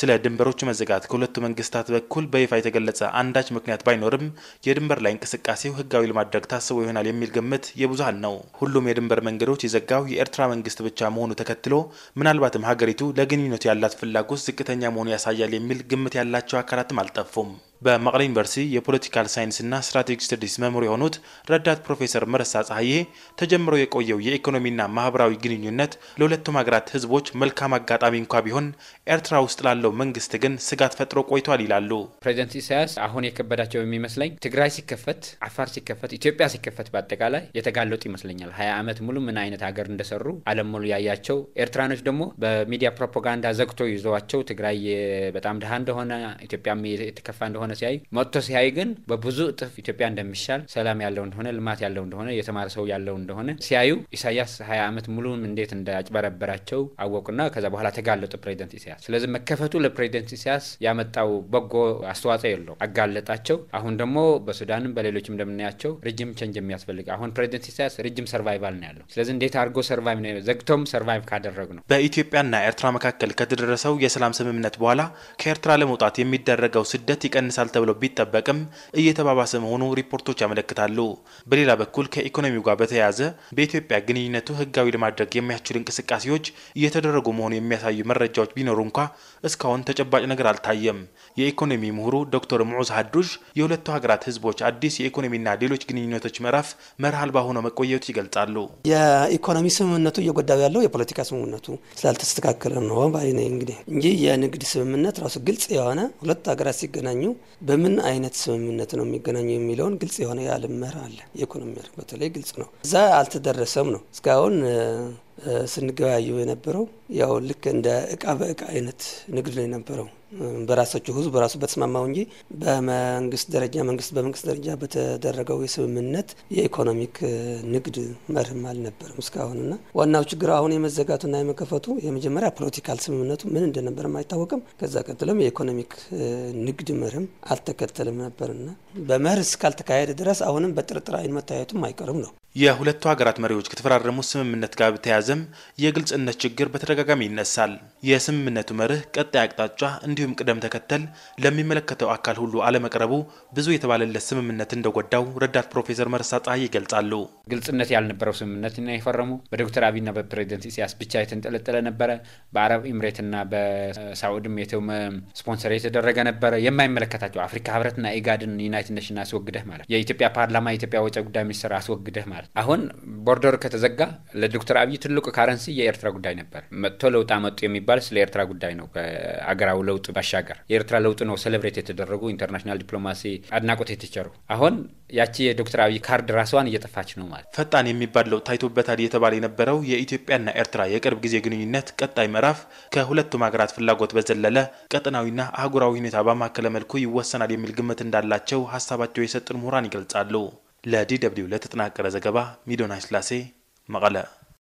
ስለ ድንበሮቹ መዘጋት ከሁለቱ መንግስታት በኩል በይፋ የተገለጸ አንዳች ምክንያት ባይኖርም የድንበር ላይ እንቅስቃሴው ህጋዊ ለማድረግ ታስቦ ይሆናል የሚል ግምት የብዙሀን ነው። ሁሉም የድንበር መንገዶች የዘጋው የኤርትራ መንግስት ብቻ መሆኑ ተከትሎ ምናልባትም ሀገሪቱ ለግንኙነቱ ያላት ፍላጎት ዝቅተኛ መሆኑ ያሳያል የሚል ግምት ያላቸው አካላትም አልጠፉም። በመቅለ ዩኒቨርሲቲ የፖለቲካል ሳይንስና ስትራቴጂክ ስተዲስ መምህሩ የሆኑት ረዳት ፕሮፌሰር መረሳ ፀሐዬ ተጀምሮ የቆየው የኢኮኖሚና ማህበራዊ ግንኙነት ለሁለቱም ሀገራት ህዝቦች መልካም አጋጣሚ እንኳ ቢሆን ኤርትራ ውስጥ ላለው መንግስት ግን ስጋት ፈጥሮ ቆይቷል ይላሉ። ፕሬዚደንት ኢሳያስ አሁን የከበዳቸው የሚመስለኝ ትግራይ ሲከፈት፣ አፋር ሲከፈት፣ ኢትዮጵያ ሲከፈት በአጠቃላይ የተጋለጡ ይመስለኛል። ሀያ ዓመት ሙሉ ምን አይነት ሀገር እንደሰሩ አለም ሙሉ ያያቸው ኤርትራኖች ደግሞ በሚዲያ ፕሮፓጋንዳ ዘግቶ ይዘዋቸው ትግራይ በጣም ድሃ እንደሆነ ኢትዮጵያም የተከፋ እንደሆነ እንደሆነ ሲያይ መጥቶ ሲያይ ግን በብዙ እጥፍ ኢትዮጵያ እንደሚሻል ሰላም ያለው እንደሆነ ልማት ያለው እንደሆነ የተማረ ሰው ያለው እንደሆነ ሲያዩ ኢሳያስ ሀያ ዓመት ሙሉም እንዴት እንዳጭበረበራቸው አወቁና ከዛ በኋላ ተጋለጡ ፕሬዚደንት ኢሳያስ። ስለዚህ መከፈቱ ለፕሬዚደንት ኢሳያስ ያመጣው በጎ አስተዋጽኦ የለው አጋለጣቸው። አሁን ደግሞ በሱዳንም በሌሎችም እንደምናያቸው ረጅም ቸንጅ የሚያስፈልግ አሁን ፕሬዚደንት ኢሳያስ ረጅም ሰርቫይቫል ነው ያለው። ስለዚህ እንዴት አድርጎ ሰርቫይቭ ነው ዘግቶም ሰርቫይቭ ካደረጉ ነው። በኢትዮጵያና ኤርትራ መካከል ከተደረሰው የሰላም ስምምነት በኋላ ከኤርትራ ለመውጣት የሚደረገው ስደት ይቀንሳል ይቀንሳል ተብሎ ቢጠበቅም እየተባባሰ መሆኑ ሪፖርቶች ያመለክታሉ። በሌላ በኩል ከኢኮኖሚው ጋር በተያያዘ በኢትዮጵያ ግንኙነቱ ህጋዊ ለማድረግ የሚያስችሉ እንቅስቃሴዎች እየተደረጉ መሆኑ የሚያሳዩ መረጃዎች ቢኖሩ እንኳ እስካሁን ተጨባጭ ነገር አልታየም። የኢኮኖሚ ምሁሩ ዶክተር ሙዑዝ ሀዱሽ የሁለቱ ሀገራት ህዝቦች አዲስ የኢኮኖሚና ሌሎች ግንኙነቶች ምዕራፍ መርህ አልባ መቆየቱ ይገልጻሉ። የኢኮኖሚ ስምምነቱ እየጎዳው ያለው የፖለቲካ ስምምነቱ ስላልተስተካከለ ነው ባይ ነኝ እንግዲህ እንጂ የንግድ ስምምነት ራሱ ግልጽ የሆነ ሁለቱ ሀገራት ሲገናኙ በምን አይነት ስምምነት ነው የሚገናኙ የሚለውን ግልጽ የሆነ የዓለም መርህ አለ። የኢኮኖሚ መርህ በተለይ ግልጽ ነው። እዛ አልተደረሰም ነው እስካሁን ስንገበያዩ የነበረው ያው ልክ እንደ እቃ በእቃ አይነት ንግድ ነው የነበረው። በራሳቸው ህዝብ በራሱ በተስማማው እንጂ በመንግስት ደረጃ መንግስት በመንግስት ደረጃ በተደረገው የስምምነት የኢኮኖሚክ ንግድ መርህም አልነበርም እስካሁንና ዋናው ችግር አሁን የመዘጋቱና የመከፈቱ የመጀመሪያ ፖለቲካል ስምምነቱ ምን እንደነበርም አይታወቅም። ከዛ ቀጥሎም የኢኮኖሚክ ንግድ መርህም አልተከተልም ነበርና በመርህ እስካልተካሄደ ድረስ አሁንም በጥርጥር አይን መታየቱም አይቀርም ነው። የሁለቱ ሀገራት መሪዎች ከተፈራረሙት ስምምነት ጋር በተያያዘም የግልጽነት ችግር በተደጋጋሚ ይነሳል። የስምምነቱ መርህ ቀጣይ አቅጣጫ እንዲሁም ቅደም ተከተል ለሚመለከተው አካል ሁሉ አለመቅረቡ ብዙ የተባለለት ስምምነት እንደጎዳው ረዳት ፕሮፌሰር መርሳ ፀሐይ ይገልጻሉ። ግልጽነት ያልነበረው ስምምነትና የፈረሙ በዶክተር አብይና በፕሬዚደንት ኢሳያስ ብቻ የተንጠለጠለ ነበረ። በአረብ ኢምሬትና በሳዑድም የተውመ ስፖንሰር የተደረገ ነበረ። የማይመለከታቸው አፍሪካ ህብረትና ኢጋድን ዩናይትድ ኔሽን አስወግደህ ማለት የኢትዮጵያ ፓርላማ የኢትዮጵያ ወጪ ጉዳይ ሚኒስትር አስወግደህ ማለት አሁን ቦርደር ከተዘጋ ለዶክተር አብይ ትልቁ ካረንሲ የኤርትራ ጉዳይ ነበር። መጥቶ ለውጣ መጡ የሚባ ሲባል ስለ ኤርትራ ጉዳይ ነው። ከአገራዊ ለውጥ ባሻገር የኤርትራ ለውጥ ነው ሴሌብሬት የተደረጉ ኢንተርናሽናል ዲፕሎማሲ አድናቆት የተቸሩ አሁን ያቺ የዶክተር አብይ ካርድ ራሷን እየጠፋች ነው ማለት ፈጣን የሚባል ለውጥ ታይቶበታል እየተባለ የነበረው የኢትዮጵያና ኤርትራ የቅርብ ጊዜ ግንኙነት ቀጣይ ምዕራፍ ከሁለቱም ሀገራት ፍላጎት በዘለለ ቀጠናዊና አህጉራዊ ሁኔታ በማከለ መልኩ ይወሰናል የሚል ግምት እንዳላቸው ሀሳባቸው የሰጡን ምሁራን ይገልጻሉ። ለዲ ደብልዩ ለተጠናቀረ ዘገባ ሚዶና ስላሴ መቀለ